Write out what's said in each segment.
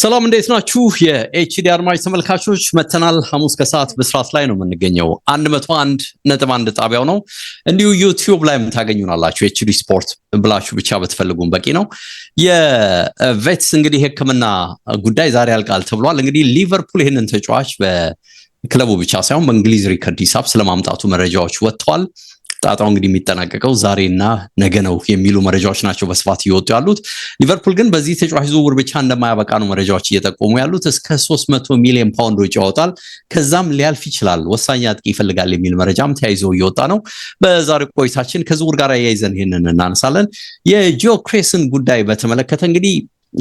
ሰላም እንዴት ናችሁ? የኤችዲ አድማጭ ተመልካቾች መተናል። ሐሙስ ከሰዓት በስርዓት ላይ ነው የምንገኘው። አንድ መቶ አንድ ነጥብ አንድ ጣቢያው ነው። እንዲሁ ዩቲዩብ ላይ የምታገኙናላችሁ ኤችዲ ስፖርት ብላችሁ ብቻ ብትፈልጉም በቂ ነው። የቬትስ እንግዲህ ሕክምና ጉዳይ ዛሬ ያልቃል ተብሏል። እንግዲህ ሊቨርፑል ይህንን ተጫዋች በክለቡ ብቻ ሳይሆን በእንግሊዝ ሪከርድ ሂሳብ ስለማምጣቱ መረጃዎች ወጥተዋል። ጣጣው እንግዲህ የሚጠናቀቀው ዛሬና ነገ ነው የሚሉ መረጃዎች ናቸው በስፋት እየወጡ ያሉት። ሊቨርፑል ግን በዚህ ተጫዋች ዝውውር ብቻ እንደማያበቃ ነው መረጃዎች እየጠቆሙ ያሉት። እስከ 300 ሚሊዮን ፓውንድ ወጪ ያወጣል፣ ከዛም ሊያልፍ ይችላል። ወሳኝ አጥቂ ይፈልጋል የሚል መረጃም ተያይዞ እየወጣ ነው። በዛሬው ቆይታችን ከዝውውር ጋር አያይዘን ይህንን እናነሳለን። የጂኦክሬስን ጉዳይ በተመለከተ እንግዲህ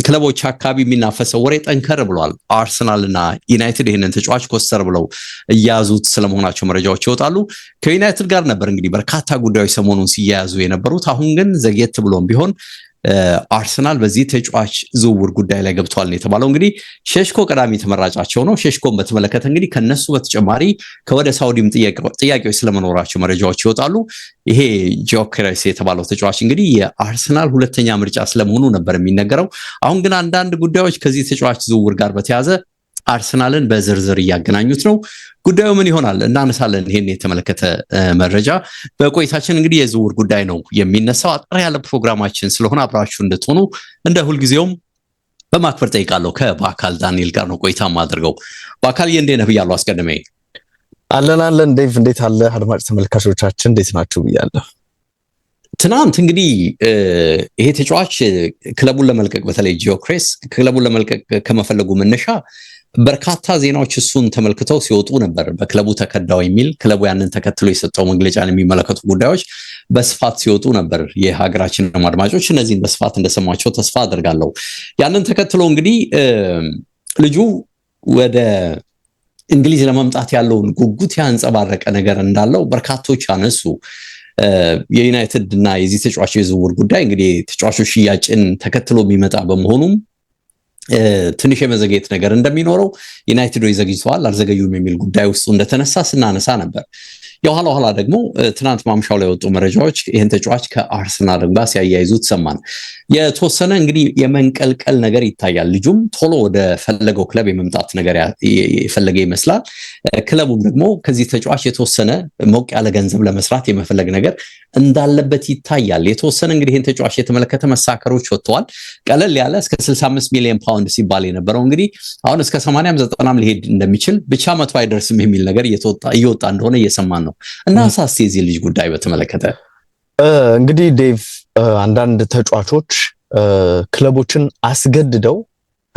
ክለቦች አካባቢ የሚናፈሰው ወሬ ጠንከር ብሏል። አርሰናልና ዩናይትድ ይህንን ተጫዋች ኮስተር ብለው እያያዙት ስለመሆናቸው መረጃዎች ይወጣሉ። ከዩናይትድ ጋር ነበር እንግዲህ በርካታ ጉዳዮች ሰሞኑን ሲያያዙ የነበሩት። አሁን ግን ዘግየት ብሎም ቢሆን አርሰናል በዚህ ተጫዋች ዝውውር ጉዳይ ላይ ገብቷል ነው የተባለው። እንግዲህ ሼሽኮ ቀዳሚ ተመራጫቸው ነው። ሸሽኮን በተመለከተ እንግዲህ ከነሱ በተጨማሪ ከወደ ሳውዲም ጥያቄዎች ስለመኖራቸው መረጃዎች ይወጣሉ። ይሄ ጆኬሬስ የተባለው ተጫዋች እንግዲህ የአርሰናል ሁለተኛ ምርጫ ስለመሆኑ ነበር የሚነገረው። አሁን ግን አንዳንድ ጉዳዮች ከዚህ ተጫዋች ዝውውር ጋር በተያዘ አርሰናልን በዝርዝር እያገናኙት ነው። ጉዳዩ ምን ይሆናል እናነሳለን። ይሄን የተመለከተ መረጃ በቆይታችን እንግዲህ የዝውውር ጉዳይ ነው የሚነሳው። አጠር ያለ ፕሮግራማችን ስለሆነ አብራችሁ እንድትሆኑ እንደ ሁልጊዜውም በማክበር ጠይቃለሁ። ከበአካል ዳንኤል ጋር ነው ቆይታ ማድርገው። በአካል የእንዴ ነህ ብያለሁ አስቀድሜ። አለን አለን ዴቭ፣ እንዴት አለ አድማጭ ተመልካቾቻችን እንዴት ናችሁ ብያለሁ። ትናንት እንግዲህ ይሄ ተጫዋች ክለቡን ለመልቀቅ በተለይ ጂኦክሬስ ክለቡን ለመልቀቅ ከመፈለጉ መነሻ በርካታ ዜናዎች እሱን ተመልክተው ሲወጡ ነበር። በክለቡ ተከዳው የሚል ክለቡ ያንን ተከትሎ የሰጠው መግለጫን የሚመለከቱ ጉዳዮች በስፋት ሲወጡ ነበር። የሀገራችን አድማጮች እነዚህን በስፋት እንደሰማቸው ተስፋ አድርጋለሁ። ያንን ተከትሎ እንግዲህ ልጁ ወደ እንግሊዝ ለመምጣት ያለውን ጉጉት ያንጸባረቀ ነገር እንዳለው በርካቶች አነሱ። የዩናይትድ እና የዚህ ተጫዋች የዝውውር ጉዳይ እንግዲህ ተጫዋቾች ሽያጭን ተከትሎ የሚመጣ በመሆኑም ትንሽ የመዘግየት ነገር እንደሚኖረው ዩናይትዶ ይዘግይተዋል አልዘገዩም የሚል ጉዳይ ውስጡ እንደተነሳ ስናነሳ ነበር። የኋላ ኋላ ደግሞ ትናንት ማምሻው ላይ የወጡ መረጃዎች ይህን ተጫዋች ከአርሰናል ጋር ሲያያይዙ ትሰማን። የተወሰነ እንግዲህ የመንቀልቀል ነገር ይታያል። ልጁም ቶሎ ወደ ፈለገው ክለብ የመምጣት ነገር የፈለገ ይመስላል። ክለቡም ደግሞ ከዚህ ተጫዋች የተወሰነ ሞቅ ያለ ገንዘብ ለመስራት የመፈለግ ነገር እንዳለበት ይታያል። የተወሰነ እንግዲህ ይህን ተጫዋች የተመለከተ መሳከሮች ወጥተዋል። ቀለል ያለ እስከ 65 ሚሊዮን ፓውንድ ሲባል የነበረው እንግዲህ አሁን እስከ 80 90 ሊሄድ እንደሚችል ብቻ መቶ አይደርስም የሚል ነገር እየወጣ እንደሆነ እየሰማን ነው። ነው እና ሳስ የዚህ ልጅ ጉዳይ በተመለከተ እንግዲህ ዴቭ አንዳንድ ተጫዋቾች ክለቦችን አስገድደው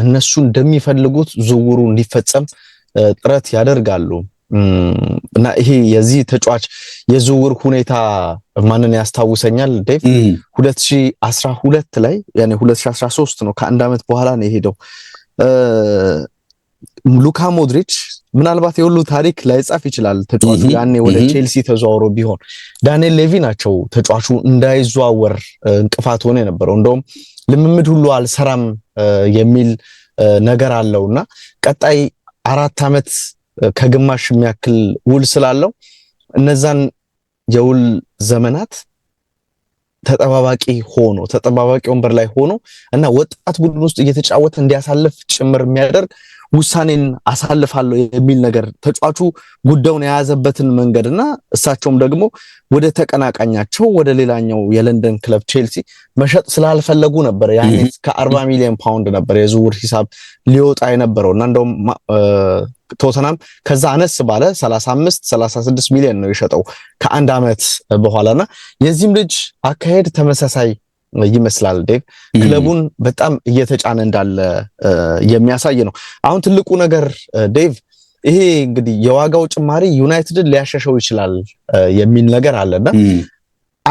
እነሱ እንደሚፈልጉት ዝውውሩ እንዲፈጸም ጥረት ያደርጋሉ እና ይሄ የዚህ ተጫዋች የዝውውር ሁኔታ ማንን ያስታውሰኛል ዴቭ 2012 ላይ ያኔ 2013 ነው ከአንድ ዓመት በኋላ ነው የሄደው ሉካ ሞድሪች ምናልባት የሁሉ ታሪክ ላይጻፍ ይችላል። ተጫዋቹ ያኔ ወደ ቼልሲ ተዘዋውሮ ቢሆን ዳንኤል ሌቪ ናቸው ተጫዋቹ እንዳይዘዋወር እንቅፋት ሆነ የነበረው። እንደውም ልምምድ ሁሉ አልሰራም የሚል ነገር አለው እና ቀጣይ አራት ዓመት ከግማሽ የሚያክል ውል ስላለው እነዛን የውል ዘመናት ተጠባባቂ ሆኖ ተጠባባቂ ወንበር ላይ ሆኖ እና ወጣት ቡድን ውስጥ እየተጫወተ እንዲያሳልፍ ጭምር የሚያደርግ ውሳኔን አሳልፋለሁ የሚል ነገር ተጫዋቹ ጉዳዩን የያዘበትን እና እሳቸውም ደግሞ ወደ ተቀናቃኛቸው ወደ ሌላኛው የለንደን ክለብ ቼልሲ መሸጥ ስላልፈለጉ ነበር። ያ ከአርባ ሚሊዮን ፓውንድ ነበር የዝውውር ሂሳብ ሊወጣ የነበረው እና እንደውም ቶተናም ከዛ አነስ ባለ 35 36 ሚሊዮን ነው የሸጠው ከአንድ ዓመት በኋላና የዚህም ልጅ አካሄድ ተመሳሳይ ይመስላል ዴቭ ክለቡን በጣም እየተጫነ እንዳለ የሚያሳይ ነው። አሁን ትልቁ ነገር ዴቭ ይሄ እንግዲህ የዋጋው ጭማሪ ዩናይትድን ሊያሸሸው ይችላል የሚል ነገር አለና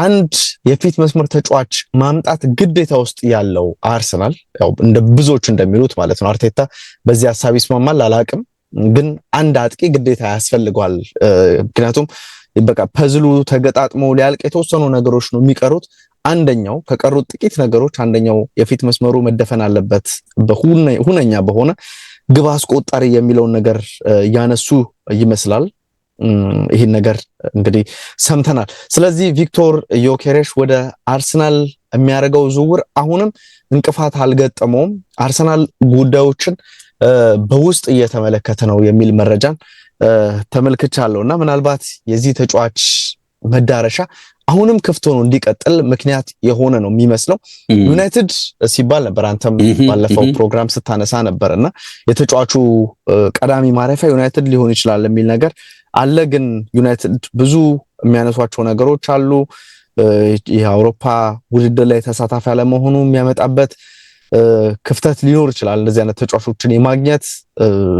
አንድ የፊት መስመር ተጫዋች ማምጣት ግዴታ ውስጥ ያለው አርሰናል ያው እንደ ብዙዎች እንደሚሉት ማለት ነው። አርቴታ በዚህ ሀሳብ ይስማማል አላቅም፣ ግን አንድ አጥቂ ግዴታ ያስፈልገዋል። ምክንያቱም በቃ ፐዝሉ ተገጣጥሞ ሊያልቅ የተወሰኑ ነገሮች ነው የሚቀሩት። አንደኛው ከቀሩት ጥቂት ነገሮች አንደኛው የፊት መስመሩ መደፈን አለበት ሁነኛ በሆነ ግብ አስቆጣሪ የሚለውን ነገር ያነሱ ይመስላል። ይህን ነገር እንግዲህ ሰምተናል። ስለዚህ ቪክቶር ዮኬሬሽ ወደ አርሰናል የሚያደርገው ዝውውር አሁንም እንቅፋት አልገጠመውም። አርሰናል ጉዳዮችን በውስጥ እየተመለከተ ነው የሚል መረጃን ተመልክቻለሁ እና ምናልባት የዚህ ተጫዋች መዳረሻ አሁንም ክፍት ሆኖ እንዲቀጥል ምክንያት የሆነ ነው የሚመስለው። ዩናይትድ ሲባል ነበር፣ አንተም ባለፈው ፕሮግራም ስታነሳ ነበር እና የተጫዋቹ ቀዳሚ ማረፊያ ዩናይትድ ሊሆን ይችላል የሚል ነገር አለ። ግን ዩናይትድ ብዙ የሚያነሷቸው ነገሮች አሉ። የአውሮፓ ውድድር ላይ ተሳታፊ አለመሆኑ የሚያመጣበት ክፍተት ሊኖር ይችላል። እንደዚህ አይነት ተጫዋቾችን የማግኘት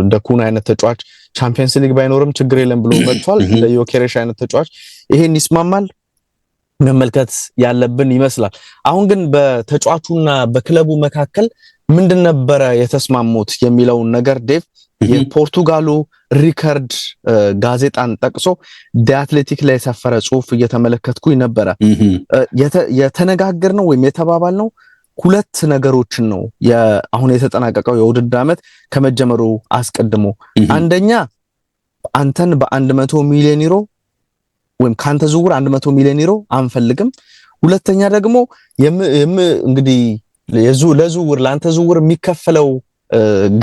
እንደ ኩን አይነት ተጫዋች ቻምፒየንስ ሊግ ባይኖርም ችግር የለም ብሎ መጥቷል። እንደ ዮኬሬሽ አይነት ተጫዋች ይሄን ይስማማል መመልከት ያለብን ይመስላል። አሁን ግን በተጫዋቹና በክለቡ መካከል ምንድን ነበረ የተስማሙት የሚለውን ነገር ዴቭ የፖርቱጋሉ ሪከርድ ጋዜጣን ጠቅሶ ዲአትሌቲክ ላይ የሰፈረ ጽሁፍ እየተመለከትኩኝ ነበረ። የተነጋገር ነው ወይም የተባባል ነው ሁለት ነገሮችን ነው አሁን የተጠናቀቀው የውድድር ዓመት ከመጀመሩ አስቀድሞ አንደኛ አንተን በአንድ መቶ ሚሊዮን ዩሮ ወይም ካንተ ዝውውር 100 ሚሊዮን ዩሮ አንፈልግም። ሁለተኛ ደግሞ እንግዲህ ለዝውውር ለአንተ ዝውውር የሚከፈለው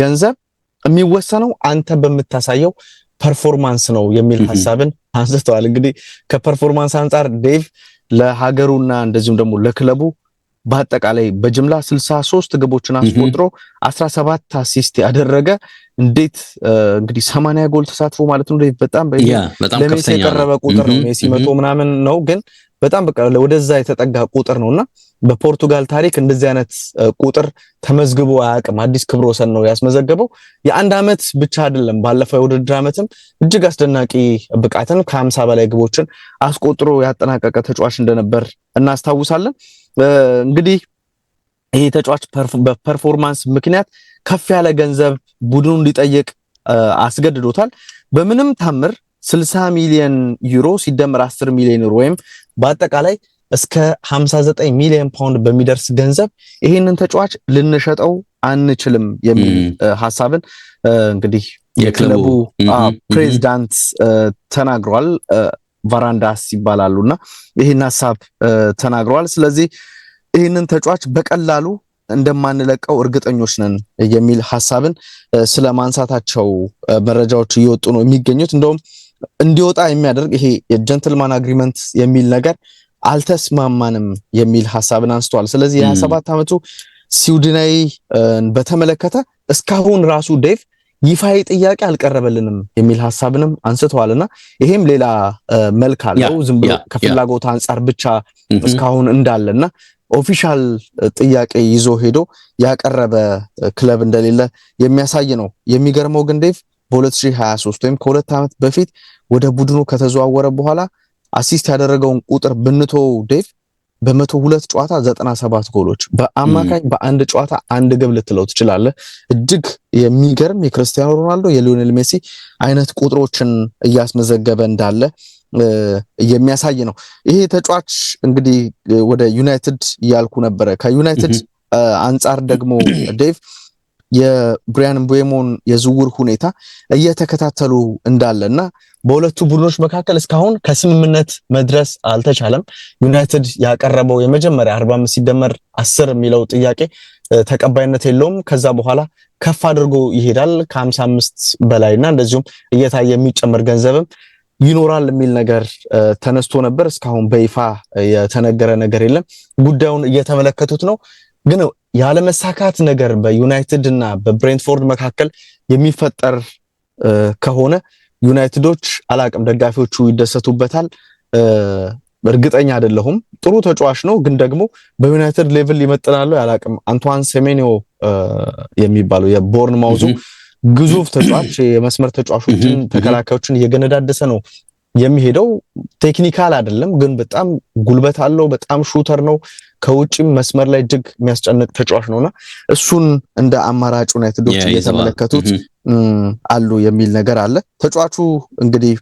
ገንዘብ የሚወሰነው አንተ በምታሳየው ፐርፎርማንስ ነው የሚል ሀሳብን አንስተዋል። እንግዲህ ከፐርፎርማንስ አንጻር ዴቭ ለሀገሩና እንደዚሁም ደግሞ ለክለቡ በአጠቃላይ በጅምላ 63 ግቦችን አስቆጥሮ 17 አሲስት ያደረገ እንዴት እንግዲህ 80 ጎል ተሳትፎ ማለት ነው። በጣም ለሜሲ የቀረበ ቁጥር ነው። ሜሲ መቶ ምናምን ነው፣ ግን በጣም በቃ ወደዛ የተጠጋ ቁጥር ነውና በፖርቱጋል ታሪክ እንደዚህ አይነት ቁጥር ተመዝግቦ አያውቅም። አዲስ ክብረ ወሰን ነው ያስመዘገበው። የአንድ አመት ብቻ አይደለም፣ ባለፈው የውድድር ዓመትም እጅግ አስደናቂ ብቃትን ከ50 በላይ ግቦችን አስቆጥሮ ያጠናቀቀ ተጫዋች እንደነበር እናስታውሳለን። እንግዲህ ይሄ ተጫዋች በፐርፎርማንስ ምክንያት ከፍ ያለ ገንዘብ ቡድኑን እንዲጠይቅ አስገድዶታል። በምንም ታምር 60 ሚሊዮን ዩሮ ሲደመር 10 ሚሊዮን ዩሮ ወይም በአጠቃላይ እስከ 59 ሚሊዮን ፓውንድ በሚደርስ ገንዘብ ይሄንን ተጫዋች ልንሸጠው አንችልም የሚል ሀሳብን እንግዲህ የክለቡ ፕሬዚዳንት ተናግሯል። ቫራንዳስ ይባላሉ እና ይህን ሀሳብ ተናግረዋል። ስለዚህ ይህንን ተጫዋች በቀላሉ እንደማንለቀው እርግጠኞች ነን የሚል ሀሳብን ስለ ማንሳታቸው መረጃዎች እየወጡ ነው የሚገኙት። እንደውም እንዲወጣ የሚያደርግ ይሄ የጀንትልማን አግሪመንት የሚል ነገር አልተስማማንም የሚል ሀሳብን አንስተዋል። ስለዚህ የ27 ዓመቱ ስዊድናዊ በተመለከተ እስካሁን ራሱ ዴቭ ይፋዊ ጥያቄ አልቀረበልንም የሚል ሀሳብንም አንስተዋልና ይሄም ሌላ መልክ አለው። ዝም ብሎ ከፍላጎት አንጻር ብቻ እስካሁን እንዳለና ኦፊሻል ጥያቄ ይዞ ሄዶ ያቀረበ ክለብ እንደሌለ የሚያሳይ ነው። የሚገርመው ግን ዴቭ በ2023 ወይም ከሁለት ዓመት በፊት ወደ ቡድኑ ከተዘዋወረ በኋላ አሲስት ያደረገውን ቁጥር ብንቶ ዴቭ በመቶ ሁለት ጨዋታ ዘጠና ሰባት ጎሎች በአማካኝ በአንድ ጨዋታ አንድ ግብ ልትለው ትችላለ እጅግ የሚገርም የክርስቲያኖ ሮናልዶ የሊዮኔል ሜሲ አይነት ቁጥሮችን እያስመዘገበ እንዳለ የሚያሳይ ነው። ይሄ ተጫዋች እንግዲህ ወደ ዩናይትድ እያልኩ ነበረ። ከዩናይትድ አንጻር ደግሞ ዴቭ የብሪያን ምቤሞን የዝውውር ሁኔታ እየተከታተሉ እንዳለ እና በሁለቱ ቡድኖች መካከል እስካሁን ከስምምነት መድረስ አልተቻለም። ዩናይትድ ያቀረበው የመጀመሪያ 45 ሲደመር 10 የሚለው ጥያቄ ተቀባይነት የለውም። ከዛ በኋላ ከፍ አድርጎ ይሄዳል ከ55 በላይ እና እንደዚሁም እየታየ የሚጨመር ገንዘብም ይኖራል የሚል ነገር ተነስቶ ነበር። እስካሁን በይፋ የተነገረ ነገር የለም። ጉዳዩን እየተመለከቱት ነው ግን ያለመሳካት ነገር በዩናይትድ እና በብሬንትፎርድ መካከል የሚፈጠር ከሆነ ዩናይትዶች አላቅም ደጋፊዎቹ ይደሰቱበታል። እርግጠኛ አይደለሁም። ጥሩ ተጫዋች ነው፣ ግን ደግሞ በዩናይትድ ሌቭል ይመጥናሉ ያላቅም። አንቷን ሴሜኒዮ የሚባለው የቦርን ማውዙ ግዙፍ ተጫዋች የመስመር ተጫዋቾችን ተከላካዮችን እየገነዳደሰ ነው የሚሄደው ቴክኒካል አይደለም፣ ግን በጣም ጉልበት አለው። በጣም ሹተር ነው። ከውጭም መስመር ላይ እጅግ የሚያስጨንቅ ተጫዋች ነውና እሱን እንደ አማራጭ ዩናይትዶች እየተመለከቱት አሉ የሚል ነገር አለ። ተጫዋቹ እንግዲህ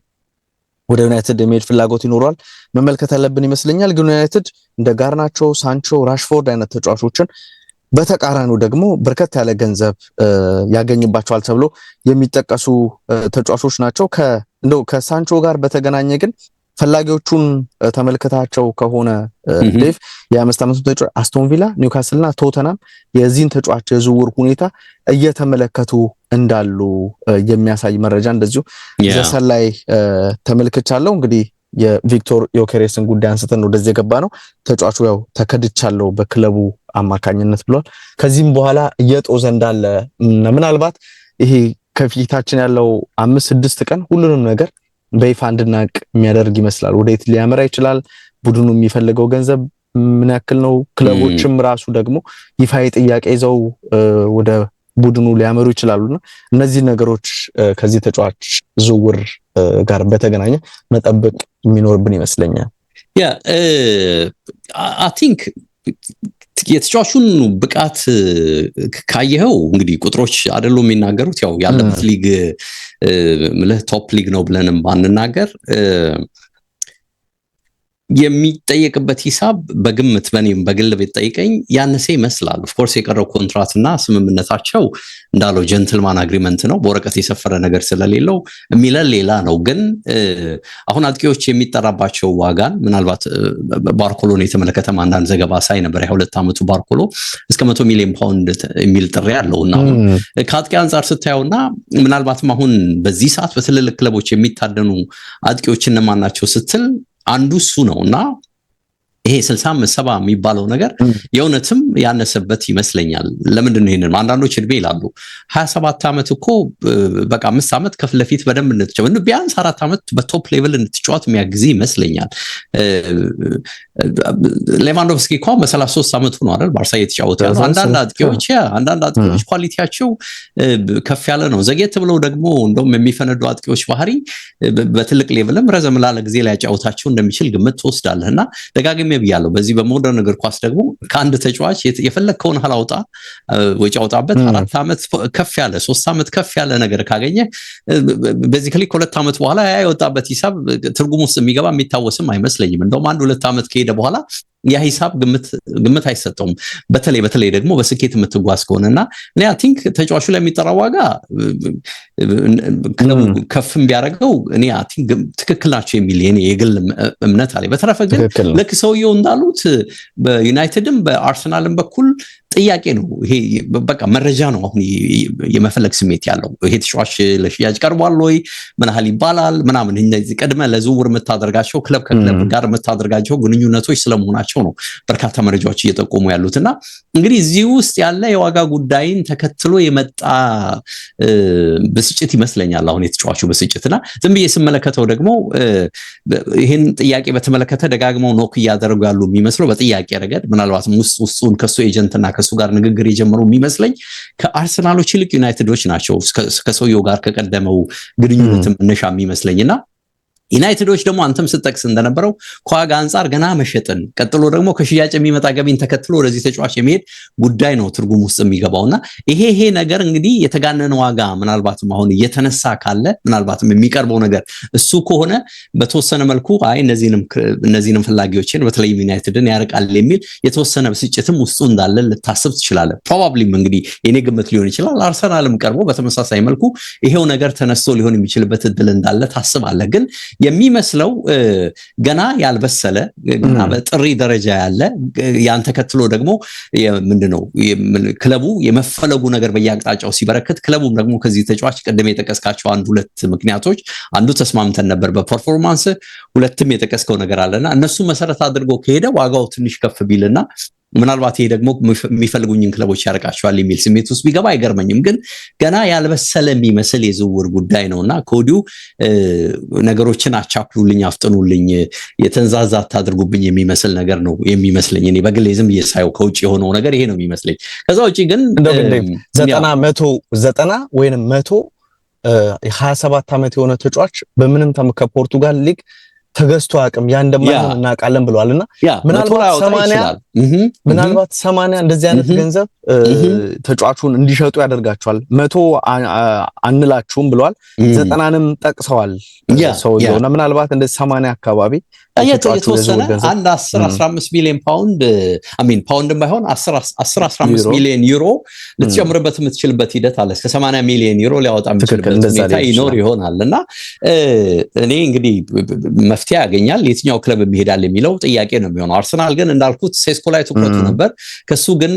ወደ ዩናይትድ የመሄድ ፍላጎት ይኖረዋል መመልከት ያለብን ይመስለኛል። ግን ዩናይትድ እንደ ጋርናቾ፣ ሳንቾ፣ ራሽፎርድ አይነት ተጫዋቾችን በተቃራኒው ደግሞ በርከት ያለ ገንዘብ ያገኝባቸዋል ተብሎ የሚጠቀሱ ተጫዋቾች ናቸው። እንደው ከሳንቾ ጋር በተገናኘ ግን ፈላጊዎቹን ተመልክታቸው ከሆነ ሌፍ የአምስት ዓመቱ ተጫዋች አስቶን ቪላ፣ ኒውካስልና ቶተናም የዚህን ተጫዋች የዝውውር ሁኔታ እየተመለከቱ እንዳሉ የሚያሳይ መረጃ እንደዚሁ ዘሰን ላይ ተመልክቻለሁ። እንግዲህ የቪክቶር ዮኬሬስን ጉዳይ አንስተን ወደዚህ የገባ ነው። ተጫዋቹ ያው ተከድቻለሁ በክለቡ አማካኝነት ብሏል። ከዚህም በኋላ እየጦዘ እንዳለ ምናልባት ይሄ ከፊታችን ያለው አምስት ስድስት ቀን ሁሉንም ነገር በይፋ እንድናቅ የሚያደርግ ይመስላል። የት ሊያመራ ይችላል? ቡድኑ የሚፈልገው ገንዘብ ምን ያክል ነው? ክለቦችም ራሱ ደግሞ ይፋዊ ጥያቄ ይዘው ወደ ቡድኑ ሊያመሩ ይችላሉና እነዚህ ነገሮች ከዚህ ተጫዋች ዝውውር ጋር በተገናኘ መጠበቅ የሚኖርብን ይመስለኛል ያ አይ ቲንክ የተጫዋቹን ብቃት ካየኸው እንግዲህ ቁጥሮች አደሉ የሚናገሩት ያው ያለበት ሊግ ምልህ ቶፕ ሊግ ነው ብለንም ባንናገር የሚጠየቅበት ሂሳብ በግምት በእኔም በግል ቢጠይቀኝ ያነሰ ይመስላል። ኦፍኮርስ የቀረው ኮንትራትና ስምምነታቸው እንዳለው ጀንትልማን አግሪመንት ነው። በወረቀት የሰፈረ ነገር ስለሌለው የሚለን ሌላ ነው። ግን አሁን አጥቂዎች የሚጠራባቸው ዋጋን ምናልባት ባርኮሎን የተመለከተም አንዳንድ ዘገባ ሳይ ነበር። የሁለት ዓመቱ ባርኮሎ እስከ መቶ ሚሊዮን ፓውንድ የሚል ጥሪ አለው እና ከአጥቂ አንጻር ስታየውና ምናልባትም አሁን በዚህ ሰዓት በትልልቅ ክለቦች የሚታደኑ አጥቂዎች እነማን ናቸው ስትል አንዱ እሱ ነው እና ይሄ ስልሳ አምስት ሰባ የሚባለው ነገር የእውነትም ያነሰበት ይመስለኛል። ለምንድን ነው ይሄንን አንዳንዶች እድሜ ይላሉ። ሀያ ሰባት ዓመት እኮ በቃ አምስት ዓመት ከፊት ለፊት በደንብ እንትጫወት ቢያንስ አራት ዓመት በቶፕ ሌቭል እንትጫወት የሚያግዝ ይመስለኛል። ሌቫንዶቭስኪ እኳ በሰላሳ ሶስት ዓመቱ ነው አይደል ባርሳ የተጫወተ። አንዳንድ አጥቂዎች አንዳንድ አጥቂዎች ኳሊቲያቸው ከፍ ያለ ነው። ዘጌት ብለው ደግሞ እንደውም የሚፈነዱ አጥቂዎች ባህሪ በትልቅ ሌቭልም ረዘም ላለ ጊዜ ያጫወታቸው እንደሚችል ግምት ትወስዳለህ እና ደጋግሜ ብያለሁ። በዚህ በሞደርን እግር ኳስ ደግሞ ከአንድ ተጫዋች የፈለግከውን ሀል አውጣ ወጪ አውጣበት። አራት ዓመት ከፍ ያለ ሶስት ዓመት ከፍ ያለ ነገር ካገኘ በዚክሊ ከሁለት ዓመት በኋላ ያ የወጣበት ሂሳብ ትርጉም ውስጥ የሚገባ የሚታወስም አይመስለኝም። እንደውም አንድ ሁለት ዓመት ከሄደ በኋላ ያ ሂሳብ ግምት አይሰጠውም። በተለይ በተለይ ደግሞ በስኬት የምትጓዝ ከሆነ እና እኔ አይ ቲንክ ተጫዋቹ ላይ የሚጠራ ዋጋ ክለቡ ከፍም ቢያደርገው እኔ ቲንክ ትክክል ናቸው የሚል የኔ የግል እምነት አለ። በተረፈ ግን ልክ ሰውየው እንዳሉት በዩናይትድም በአርሰናልም በኩል ጥያቄ ነው። ይሄ በቃ መረጃ ነው። አሁን የመፈለግ ስሜት ያለው ይሄ ተጫዋች ለሽያጭ ቀርቧል ወይ ምን ያህል ይባላል ምናምን፣ እነዚህ ቅድመ ለዝውውር የምታደርጋቸው ክለብ ከክለብ ጋር የምታደርጋቸው ግንኙነቶች ስለመሆናቸው ነው በርካታ መረጃዎች እየጠቆሙ ያሉት። እና እንግዲህ እዚህ ውስጥ ያለ የዋጋ ጉዳይን ተከትሎ የመጣ ብስጭት ይመስለኛል አሁን የተጫዋቹ ብስጭት እና ዝም ብዬ ስመለከተው ደግሞ ይህን ጥያቄ በተመለከተ ደጋግመው ኖክ እያደረጉ ያሉ የሚመስለው በጥያቄ ረገድ ምናልባትም ውስጥ ውስጡን ከሱ ኤጀንትና ከሱ ጋር ንግግር የጀመሩ የሚመስለኝ ከአርሰናሎች ይልቅ ዩናይትዶች ናቸው ከሰውየው ጋር ከቀደመው ግንኙነት መነሻ የሚመስለኝ እና ዩናይትዶች ደግሞ አንተም ስጠቅስ እንደነበረው ከዋጋ አንጻር ገና መሸጥን ቀጥሎ ደግሞ ከሽያጭ የሚመጣ ገቢን ተከትሎ ወደዚህ ተጫዋች የሚሄድ ጉዳይ ነው ትርጉም ውስጥ እና ይሄ ይሄ ነገር እንግዲህ የተጋነነ ዋጋ ምናልባትም አሁን እየተነሳ ካለ ምናልባትም የሚቀርበው ነገር እሱ ከሆነ በተወሰነ መልኩ አይ እነዚህንም ፈላጊዎችን በተለይም ዩናይትድን ያርቃል የሚል የተወሰነ ብስጭትም ውስጡ እንዳለ ልታስብ ትችላለ። ፕሮባብሊም እንግዲህ የኔ ግምት ሊሆን ይችላል። አርሰናልም ቀርቦ በተመሳሳይ መልኩ ይሄው ነገር ተነስቶ ሊሆን የሚችልበት እድል እንዳለ ታስባለ ግን የሚመስለው ገና ያልበሰለ ገና በጥሪ ደረጃ ያለ ያን ተከትሎ ደግሞ ምንድነው ክለቡ የመፈለጉ ነገር በየአቅጣጫው ሲበረከት ክለቡም ደግሞ ከዚህ ተጫዋች ቅድም የጠቀስካቸው አንድ ሁለት ምክንያቶች አንዱ ተስማምተን ነበር በፐርፎርማንስ ሁለትም የጠቀስከው ነገር አለና እነሱ መሰረት አድርጎ ከሄደ ዋጋው ትንሽ ከፍ ቢልና ምናልባት ይሄ ደግሞ የሚፈልጉኝን ክለቦች ያርቃቸዋል የሚል ስሜት ውስጥ ቢገባ አይገርመኝም። ግን ገና ያልበሰለ የሚመስል የዝውውር ጉዳይ ነው እና ከወዲሁ ነገሮችን አቻክሉልኝ፣ አፍጥኑልኝ፣ የተንዛዛ አታድርጉብኝ የሚመስል ነገር ነው የሚመስለኝ። እኔ በግሌ ዝም እየሳየው ከውጭ የሆነው ነገር ይሄ ነው የሚመስለኝ። ከዛ ውጭ ግን ዘጠና መቶ ዘጠና ወይም መቶ ሀያ ሰባት ዓመት የሆነ ተጫዋች በምንም ከፖርቱጋል ሊግ ተገዝቶ አቅም ያ እንደማይሆን እናውቃለን ብለዋል እና ምናልባት ሰማንያ እንደዚህ አይነት ገንዘብ ተጫዋቹን እንዲሸጡ ያደርጋቸዋል። መቶ አንላችሁም ብለዋል። ዘጠናንም ጠቅሰዋል ሰውየውና ምናልባት እንደዚህ ሰማንያ አካባቢ የተወሰነ አንድ አስር አስራ ሚሊዮን ፓውንድ ባይሆን 15 ሚሊዮን ዩሮ ልትጨምርበት የምትችልበት ሂደት አለ። እስከ ሰማንያ ሚሊዮን ዩሮ ሊያወጣ የምትችልበት ሁኔታ ይኖር ይሆናል እና እኔ እንግዲህ መፍትሄ ያገኛል የትኛው ክለብ የሚሄዳል የሚለው ጥያቄ ነው የሚሆነው። አርሰናል ግን እንዳልኩት ሴስኮ ላይ ትኩረቱ ነበር። ከሱ ግን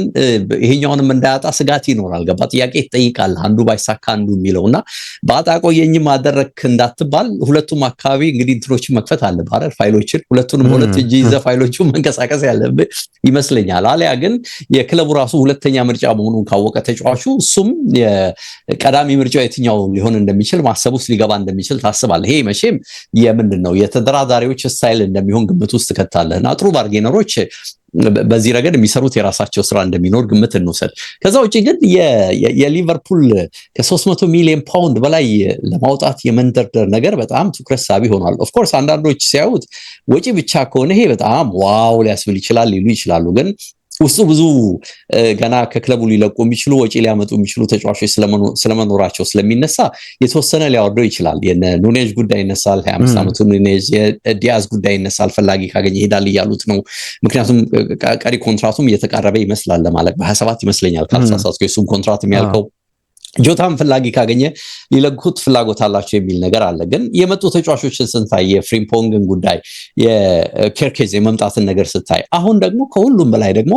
ይሄኛውንም እንዳያጣ ስጋት ይኖራል። ገባ ጥያቄ ይጠይቃል። አንዱ ባይሳካ አንዱ የሚለው እና በአጣ አደረክ እንዳትባል ሁለቱም አካባቢ እንግዲህ እንትኖችን መክፈት አለ ባረር ፋይሎች ፋይሎችን ሁለቱንም ሁለት እጅ ይዘ ፋይሎቹ መንቀሳቀስ ያለብህ ይመስለኛል። አሊያ ግን የክለቡ ራሱ ሁለተኛ ምርጫ መሆኑን ካወቀ ተጫዋቹ እሱም የቀዳሚ ምርጫው የትኛው ሊሆን እንደሚችል ማሰብ ውስጥ ሊገባ እንደሚችል ታስባለህ። ይሄ መቼም የምንድን ነው የተደራዳሪዎች ስታይል እንደሚሆን ግምት ውስጥ ትከታለህ እና ጥሩ ባርጌነሮች በዚህ ረገድ የሚሰሩት የራሳቸው ስራ እንደሚኖር ግምት እንውሰድ። ከዛ ውጭ ግን የሊቨርፑል ከ300 ሚሊዮን ፓውንድ በላይ ለማውጣት የመንደርደር ነገር በጣም ትኩረት ሳቢ ሆኗል። ኦፍኮርስ አንዳንዶች ሲያዩት ወጪ ብቻ ከሆነ ይሄ በጣም ዋው ሊያስብል ይችላል ሊሉ ይችላሉ። ግን ውስጡ ብዙ ገና ከክለቡ ሊለቁ የሚችሉ ወጪ ሊያመጡ የሚችሉ ተጫዋቾች ስለመኖራቸው ስለሚነሳ የተወሰነ ሊያወርደው ይችላል። ኑኔጅ ጉዳይ ይነሳል። ሀያ አምስት ዓመቱ ኑኔጅ፣ የዲያዝ ጉዳይ ይነሳል። ፈላጊ ካገኘ ይሄዳል እያሉት ነው። ምክንያቱም ቀሪ ኮንትራቱም እየተቃረበ ይመስላል ለማለት በሀያ ሰባት ይመስለኛል ካልተሳሳትኩ የሱም ኮንትራት የሚያልቀው ጆታም ፍላጊ ካገኘ ሊለጉት ፍላጎት አላቸው የሚል ነገር አለ። ግን የመጡ ተጫዋቾችን ስንታይ የፍሪምፖንግን ጉዳይ የኬርኬዝ የመምጣትን ነገር ስታይ አሁን ደግሞ ከሁሉም በላይ ደግሞ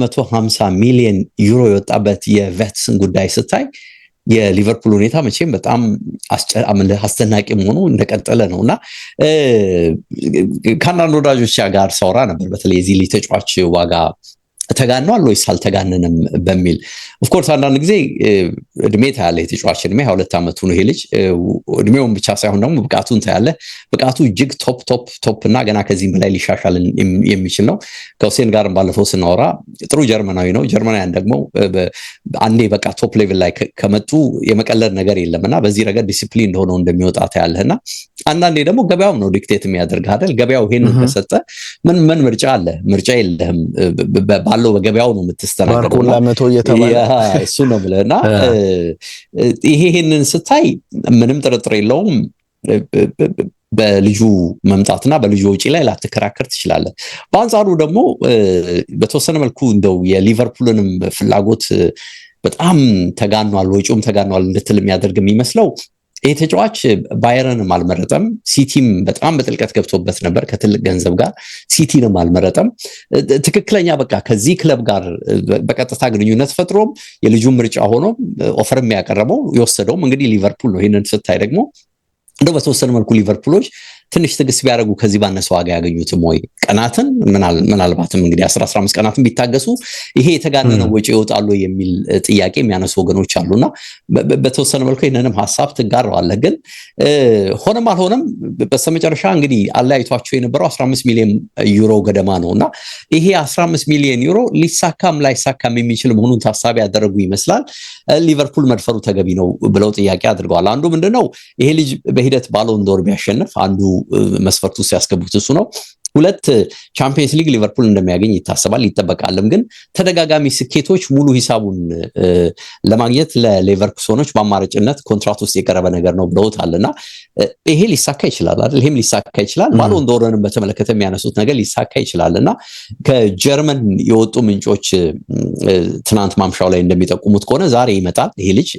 150 ሚሊዮን ዩሮ የወጣበት የቬትስን ጉዳይ ስታይ የሊቨርፑል ሁኔታ መቼም በጣም አስደናቂ መሆኑ እንደቀጠለ ነው እና ከአንዳንድ ወዳጆች ጋር ሳውራ ነበር በተለይ የዚህ ተጫዋች ዋጋ ተጋኗል ወይስ አልተጋነንም በሚል ኦፍኮርስ አንዳንድ ጊዜ እድሜ ታያለ የተጫዋች እድሜ ሀያ ሁለት ዓመቱ ነው ይሄ ልጅ። እድሜውን ብቻ ሳይሆን ደግሞ ብቃቱን ታያለ ብቃቱ እጅግ ቶፕ ቶፕ ቶፕ እና ገና ከዚህም በላይ ሊሻሻል የሚችል ነው። ከሁሴን ጋርም ባለፈው ስናወራ ጥሩ ጀርመናዊ ነው። ጀርመናውያን ደግሞ አንዴ በቃ ቶፕ ሌቭል ላይ ከመጡ የመቀለድ ነገር የለም እና በዚህ ረገድ ዲሲፕሊን እንደሆነው እንደሚወጣ ታያለህ እና አንዳንዴ ደግሞ ገበያው ነው ዲክቴት የሚያደርግ አይደል? ገበያው ይሄንን ከሰጠ ምን ምን ምርጫ አለ? ምርጫ የለህም ባለው ባለው በገበያው ነው የምትስተናገደው። እሱ ነው የምልህ እና ይሄንን ስታይ ምንም ጥርጥር የለውም በልጁ መምጣትና በልጁ ውጪ ላይ ላትከራከር ትችላለ በአንጻሩ ደግሞ በተወሰነ መልኩ እንደው የሊቨርፑልንም ፍላጎት በጣም ተጋኗል፣ ወጪውም ተጋኗል እንድትል የሚያደርግ የሚመስለው ይህ ተጫዋች ባየረንም አልመረጠም። ሲቲም በጣም በጥልቀት ገብቶበት ነበር ከትልቅ ገንዘብ ጋር። ሲቲንም አልመረጠም። ትክክለኛ በቃ ከዚህ ክለብ ጋር በቀጥታ ግንኙነት ፈጥሮም የልጁ ምርጫ ሆኖም ኦፈርም ያቀረበው የወሰደውም እንግዲህ ሊቨርፑል ነው። ይህንን ስታይ ደግሞ እንደው በተወሰነ መልኩ ሊቨርፑሎች ትንሽ ትግስ ቢያደርጉ ከዚህ ባነሰ ዋጋ ያገኙትም ወይ? ቀናትን ምናልባትም እንግዲህ አስራ ቀናትን ቢታገሱ ይሄ የተጋነነ ወጪ ይወጣሉ የሚል ጥያቄ የሚያነሱ ወገኖች አሉና በተወሰነ መልኩ ይህንንም ሀሳብ ትጋረዋለህ። ግን ሆነም አልሆነም በስተመጨረሻ እንግዲህ አለያይቷቸው የነበረው 15 ሚሊዮን ዩሮ ገደማ ነው እና ይሄ 15 ሚሊዮን ዩሮ ሊሳካም ላይሳካም የሚችል መሆኑን ታሳቢ ያደረጉ ይመስላል። ሊቨርፑል መድፈሩ ተገቢ ነው ብለው ጥያቄ አድርገዋል። አንዱ ምንድነው ይሄ ልጅ በሂደት ባሎንዶር ቢያሸንፍ አንዱ መስፈርቱ ሲያስገቡት እሱ ነው። ሁለት ቻምፒየንስ ሊግ ሊቨርፑል እንደሚያገኝ ይታሰባል ይጠበቃልም። ግን ተደጋጋሚ ስኬቶች ሙሉ ሂሳቡን ለማግኘት ለሌቨርኩሰኖች በአማራጭነት ኮንትራት ውስጥ የቀረበ ነገር ነው ብለውታል እና ይሄ ሊሳካ ይችላል አይደል? ይሄም ሊሳካ ይችላል። ባሎን ዶርንም በተመለከተ የሚያነሱት ነገር ሊሳካ ይችላል እና ከጀርመን የወጡ ምንጮች ትናንት ማምሻው ላይ እንደሚጠቁሙት ከሆነ ዛሬ ይመጣል ይሄ ልጅ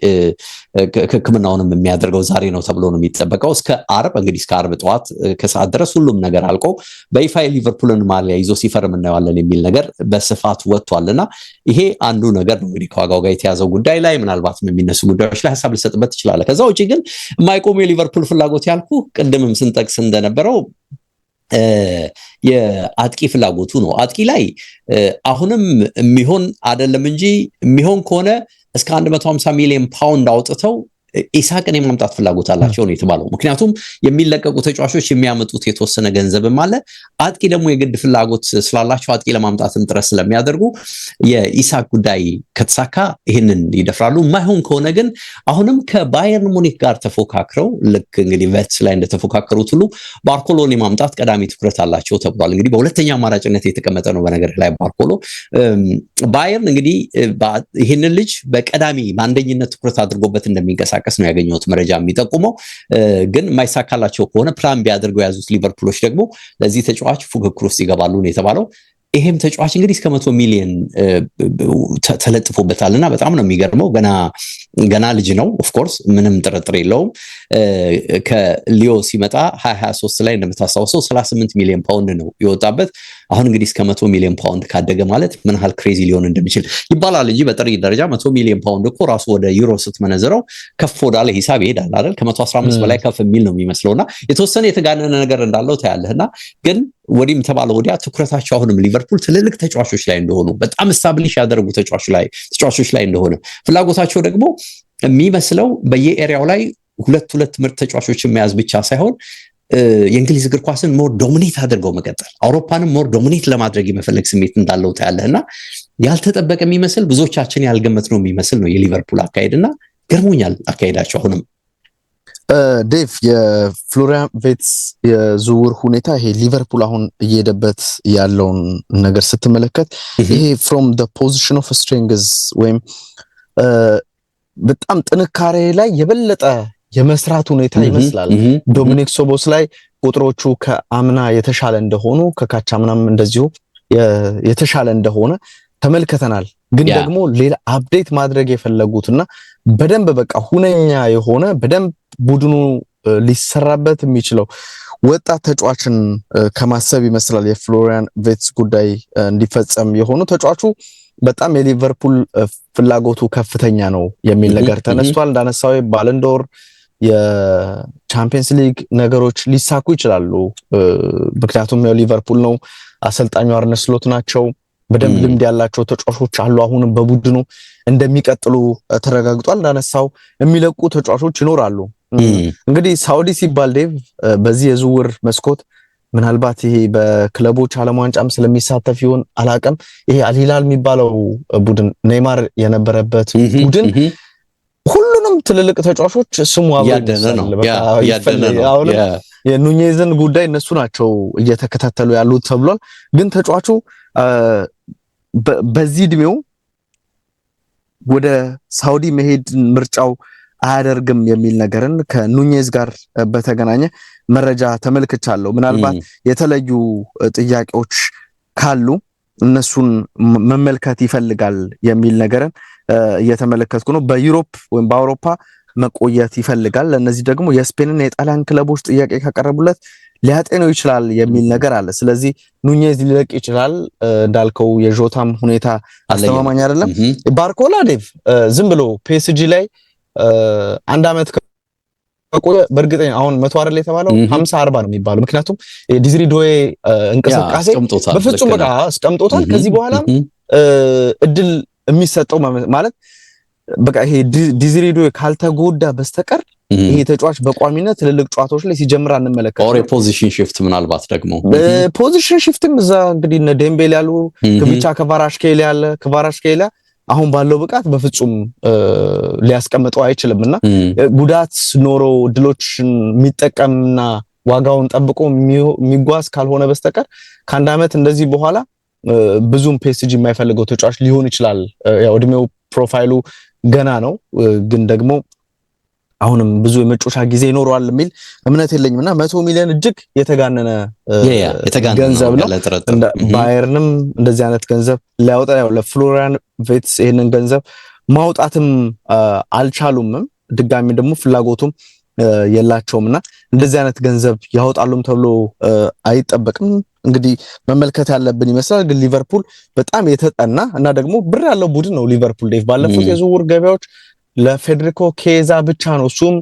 ሕክምናውንም የሚያደርገው ዛሬ ነው ተብሎ ነው የሚጠበቀው። እስከ አርብ እንግዲህ እስከ አርብ ጠዋት ከሰዓት ድረስ ሁሉም ነገር አልቆ በይ በይፋ የሊቨርፑልን ማሊያ ይዞ ሲፈርም እናየዋለን የሚል ነገር በስፋት ወጥቷል እና ይሄ አንዱ ነገር ነው። እንግዲህ ከዋጋው ጋር የተያዘው ጉዳይ ላይ ምናልባትም የሚነሱ ጉዳዮች ላይ ሀሳብ ልሰጥበት ትችላለህ። ከዛ ውጭ ግን የማይቆሙ የሊቨርፑል ፍላጎት ያልኩ ቅድምም ስንጠቅስ እንደነበረው የአጥቂ ፍላጎቱ ነው። አጥቂ ላይ አሁንም የሚሆን አይደለም እንጂ የሚሆን ከሆነ እስከ 150 ሚሊዮን ፓውንድ አውጥተው ኢሳቅን የማምጣት ፍላጎት አላቸው ነው የተባለው። ምክንያቱም የሚለቀቁ ተጫዋቾች የሚያመጡት የተወሰነ ገንዘብም አለ። አጥቂ ደግሞ የግድ ፍላጎት ስላላቸው አጥቂ ለማምጣትም ጥረት ስለሚያደርጉ የኢሳቅ ጉዳይ ከተሳካ ይህንን ይደፍራሉ። ማይሆን ከሆነ ግን አሁንም ከባየርን ሙኒክ ጋር ተፎካክረው ልክ እንግዲህ ቬትስ ላይ እንደተፎካከሩት ሁሉ ባርኮሎን የማምጣት ቀዳሚ ትኩረት አላቸው ተብሏል። እንግዲህ በሁለተኛ አማራጭነት የተቀመጠ ነው። በነገር ላይ ባርኮሎ ባየርን እንግዲህ ይህንን ልጅ በቀዳሚ በአንደኝነት ትኩረት አድርጎበት እንደሚንቀሳቀስ እንደሚንቀሳቀስ ነው ያገኘሁት መረጃ የሚጠቁመው። ግን የማይሳካላቸው ከሆነ ፕላን ቢያደርገው የያዙት ሊቨርፑሎች ደግሞ ለዚህ ተጫዋች ፉክክር ውስጥ ይገባሉ ነው የተባለው። ይሄም ተጫዋች እንግዲህ እስከ መቶ ሚሊዮን ተለጥፎበታል እና በጣም ነው የሚገርመው። ገና ገና ልጅ ነው። ኦፍኮርስ ምንም ጥርጥር የለውም። ከሊዮ ሲመጣ ሀያ ሀያ ላይ እንደምታስታውሰው 38 ሚሊዮን ፓውንድ ነው የወጣበት። አሁን እንግዲህ እስከ መቶ ሚሊዮን ፓውንድ ካደገ ማለት ምን ያህል ክሬዚ ሊሆን እንደሚችል ይባላል እንጂ በጥሪ ደረጃ መቶ ሚሊዮን ፓውንድ እኮ ራሱ ወደ ዩሮ ስትመነዝረው ከፍ ወዳለ ሂሳብ ይሄዳል አይደል? ከ አስራ በላይ ከፍ የሚል ነው የሚመስለው እና የተወሰነ የተጋነነ ነገር እንዳለው ታያለህ እና ግን ወዲህም ተባለ ወዲያ ትኩረታቸው አሁንም ሊቨርፑል ትልልቅ ተጫዋቾች ላይ እንደሆኑ በጣም ስታብሊሽ ያደረጉ ተጫዋቾች ላይ እንደሆነ ፍላጎታቸው ደግሞ የሚመስለው በየኤሪያው ላይ ሁለት ሁለት ምርት ተጫዋቾችን መያዝ ብቻ ሳይሆን የእንግሊዝ እግር ኳስን ሞር ዶሚኔት አድርገው መቀጠል አውሮፓንም ሞር ዶሚኔት ለማድረግ የመፈለግ ስሜት እንዳለው ታያለህ እና ያልተጠበቀ የሚመስል ብዙዎቻችን ያልገመት ነው የሚመስል ነው የሊቨርፑል አካሄድ እና ገርሞኛል አካሄዳቸው አሁንም ዴቭ የፍሎሪያን ቬትስ የዝውውር ሁኔታ ይሄ ሊቨርፑል አሁን እየሄደበት ያለውን ነገር ስትመለከት ይሄ ፍሮም ደ ፖዚሽን ኦፍ ስትሬንግዝ ወይም በጣም ጥንካሬ ላይ የበለጠ የመስራት ሁኔታ ይመስላል። ዶሚኒክ ሶቦስ ላይ ቁጥሮቹ ከአምና የተሻለ እንደሆኑ ከካቻ ምናም እንደዚሁ የተሻለ እንደሆነ ተመልከተናል። ግን ደግሞ ሌላ አፕዴት ማድረግ የፈለጉትና በደንብ በቃ ሁነኛ የሆነ በደንብ ቡድኑ ሊሰራበት የሚችለው ወጣት ተጫዋችን ከማሰብ ይመስላል የፍሎሪያን ቬትስ ጉዳይ እንዲፈጸም የሆኑ ተጫዋቹ በጣም የሊቨርፑል ፍላጎቱ ከፍተኛ ነው የሚል ነገር ተነስቷል። እንዳነሳዊ ባለንዶር የቻምፒየንስ ሊግ ነገሮች ሊሳኩ ይችላሉ። ምክንያቱም ያው ሊቨርፑል ነው፣ አሰልጣኙ አርነ ስሎት ናቸው። በደንብ ልምድ ያላቸው ተጫዋቾች አሉ። አሁንም በቡድኑ እንደሚቀጥሉ ተረጋግጧል። እንዳነሳው የሚለቁ ተጫዋቾች ይኖራሉ። እንግዲህ ሳውዲ ሲባል ዴቭ በዚህ የዝውውር መስኮት ምናልባት ይሄ በክለቦች ዓለም ዋንጫም ስለሚሳተፍ ይሆን አላቅም። ይሄ አልሂላል የሚባለው ቡድን ኔይማር የነበረበት ቡድን ሁሉንም ትልልቅ ተጫዋቾች ስሙ አሁንም የኑኔዝን ጉዳይ እነሱ ናቸው እየተከታተሉ ያሉት ተብሏል። ግን ተጫዋቹ በዚህ እድሜው ወደ ሳውዲ መሄድ ምርጫው አያደርግም የሚል ነገርን ከኑኜዝ ጋር በተገናኘ መረጃ ተመልክቻለሁ። ምናልባት የተለዩ ጥያቄዎች ካሉ እነሱን መመልከት ይፈልጋል የሚል ነገርን እየተመለከትኩ ነው። በዩሮፕ ወይም በአውሮፓ መቆየት ይፈልጋል። ለእነዚህ ደግሞ የስፔንና የጣሊያን ክለቦች ጥያቄ ካቀረቡለት ሊያጤነው ይችላል የሚል ነገር አለ። ስለዚህ ኑኜዝ ሊለቅ ይችላል እንዳልከው፣ የዦታም ሁኔታ አስተማማኝ አይደለም። ባርኮላ ዴቭ ዝም ብሎ ፒኤስጂ ላይ አንድ አመት ከቆየ በእርግጠኛ አሁን መቶ አይደል የተባለው ሀምሳ አርባ ነው የሚባለው። ምክንያቱም ዲዝሪ ዶዌ እንቅስቃሴ በፍጹም በቃ አስቀምጦታል። ከዚህ በኋላ እድል የሚሰጠው ማለት በቃ ይሄ ዲዝሪ ዶዌ ካልተጎዳ በስተቀር ይሄ ተጫዋች በቋሚነት ትልልቅ ጨዋታዎች ላይ ሲጀምር አንመለከት። ኦር ፖዚሽን ሽፍት ምናልባት ደግሞ ፖዚሽን ሽፍትም እዛ እንግዲህ እነ ዴምቤል ያሉ ከቫራሽ ከሌ ያለ ከቫራሽ ከሌ አሁን ባለው ብቃት በፍጹም ሊያስቀምጠው አይችልም እና ጉዳት ኖሮ እድሎችን የሚጠቀምና ዋጋውን ጠብቆ የሚጓዝ ካልሆነ በስተቀር ከአንድ ዓመት እንደዚህ በኋላ ብዙም ፔስጂ የማይፈልገው ተጫዋች ሊሆን ይችላል። ያው እድሜው ፕሮፋይሉ ገና ነው፣ ግን ደግሞ አሁንም ብዙ የመጮሻ ጊዜ ይኖረዋል የሚል እምነት የለኝም እና መቶ ሚሊዮን እጅግ የተጋነነ ገንዘብ ነው። ባየርንም እንደዚህ አይነት ገንዘብ ሊያወጣ ያው ለፍሎሪያን ቬትስ ይህንን ገንዘብ ማውጣትም አልቻሉምም። ድጋሚ ደግሞ ፍላጎቱም የላቸውም እና እንደዚህ አይነት ገንዘብ ያወጣሉም ተብሎ አይጠበቅም። እንግዲህ መመልከት ያለብን ይመስላል። ግን ሊቨርፑል በጣም የተጠና እና ደግሞ ብር ያለው ቡድን ነው። ሊቨርፑል ዴቭ ባለፉት የዝውውር ገበያዎች ለፌዴሪኮ ኬዛ ብቻ ነው እሱም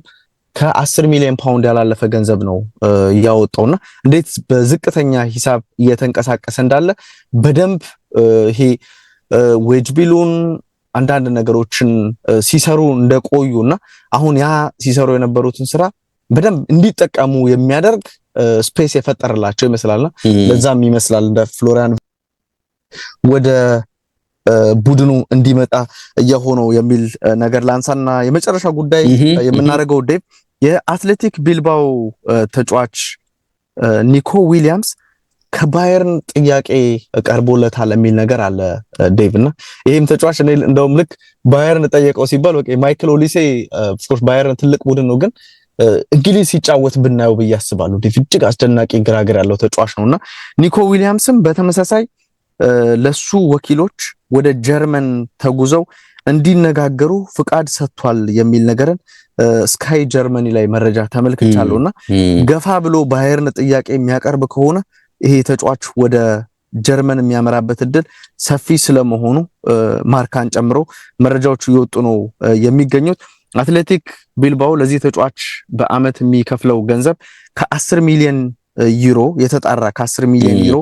ከአስር ሚሊዮን ፓውንድ ያላለፈ ገንዘብ ነው ያወጣውና እንዴት በዝቅተኛ ሂሳብ እየተንቀሳቀሰ እንዳለ በደንብ ይሄ ዌጅ ቢሉን አንዳንድ ነገሮችን ሲሰሩ እንደቆዩ እና አሁን ያ ሲሰሩ የነበሩትን ስራ በደንብ እንዲጠቀሙ የሚያደርግ ስፔስ የፈጠረላቸው ይመስላልና ለዛም ይመስላል እንደ ፍሎሪያን ወደ ቡድኑ እንዲመጣ እየሆነው የሚል ነገር ላንሳና የመጨረሻ ጉዳይ የምናደርገው ዴቭ የአትሌቲክ ቢልባው ተጫዋች ኒኮ ዊሊያምስ ከባየርን ጥያቄ ቀርቦለታል የሚል ነገር አለ ዴቭ እና ይህም ተጫዋች እኔ እንደውም ልክ ባየርን ጠየቀው ሲባል በቃ ማይክል ኦሊሴ ኦፍኮርስ ባየርን ትልቅ ቡድን ነው ግን እንግሊዝ ሲጫወት ብናየው ብዬ አስባለሁ። ዴቭ እጅግ አስደናቂ ግራግር ያለው ተጫዋች ነው እና ኒኮ ዊሊያምስም በተመሳሳይ ለሱ ወኪሎች ወደ ጀርመን ተጉዘው እንዲነጋገሩ ፍቃድ ሰጥቷል የሚል ነገርን ስካይ ጀርመኒ ላይ መረጃ ተመልክቻለሁ። እና ገፋ ብሎ ባየርን ጥያቄ የሚያቀርብ ከሆነ ይሄ ተጫዋች ወደ ጀርመን የሚያመራበት እድል ሰፊ ስለመሆኑ ማርካን ጨምሮ መረጃዎቹ እየወጡ ነው የሚገኙት። አትሌቲክ ቢልባው ለዚህ ተጫዋች በአመት የሚከፍለው ገንዘብ ከአስር ሚሊዮን ዩሮ የተጣራ ከ10 ሚሊዮን ዩሮ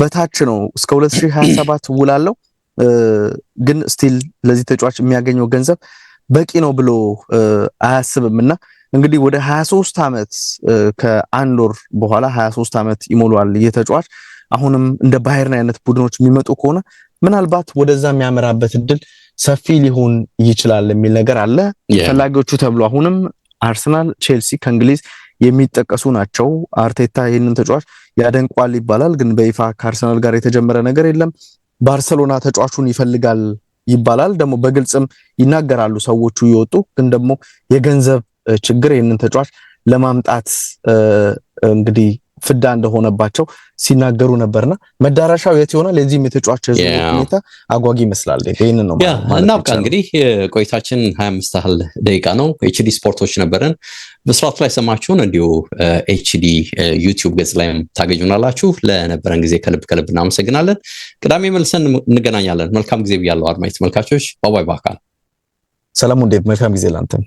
በታች ነው። እስከ 2027 ውላለው ግን ስቲል ለዚህ ተጫዋች የሚያገኘው ገንዘብ በቂ ነው ብሎ አያስብም እና እንግዲህ ወደ 23 ዓመት ከአንድ ወር በኋላ 23 ዓመት ይሞላዋል የተጫዋች አሁንም እንደ ባየርን አይነት ቡድኖች የሚመጡ ከሆነ ምናልባት ወደዛ የሚያመራበት እድል ሰፊ ሊሆን ይችላል የሚል ነገር አለ። ፈላጊዎቹ ተብሎ አሁንም አርሰናል፣ ቼልሲ ከእንግሊዝ የሚጠቀሱ ናቸው። አርቴታ ይህንን ተጫዋች ያደንቋል ይባላል፣ ግን በይፋ ከአርሰናል ጋር የተጀመረ ነገር የለም። ባርሰሎና ተጫዋቹን ይፈልጋል ይባላል፣ ደግሞ በግልጽም ይናገራሉ ሰዎቹ ይወጡ። ግን ደግሞ የገንዘብ ችግር ይህንን ተጫዋች ለማምጣት እንግዲህ ፍዳ እንደሆነባቸው ሲናገሩ ነበርና መዳረሻው የት ይሆናል? የዚህም የተጫዋች ሁኔታ አጓጊ ይመስላል። ይህንን ነው እናብቃ። እንግዲህ ቆይታችን ሀያ አምስት ያህል ደቂቃ ነው። ኤችዲ ስፖርቶች ነበረን። በስርዓቱ ላይ ሰማችሁን፣ እንዲሁ ኤችዲ ዩቲዩብ ገጽ ላይ ታገኙናላችሁ። ለነበረን ጊዜ ከልብ ከልብ እናመሰግናለን። ቅዳሜ መልሰን እንገናኛለን። መልካም ጊዜ ብያለው አድማጭ ተመልካቾች። ባባይ ባካል ሰላሙ እንዴት መልካም ጊዜ ላንተም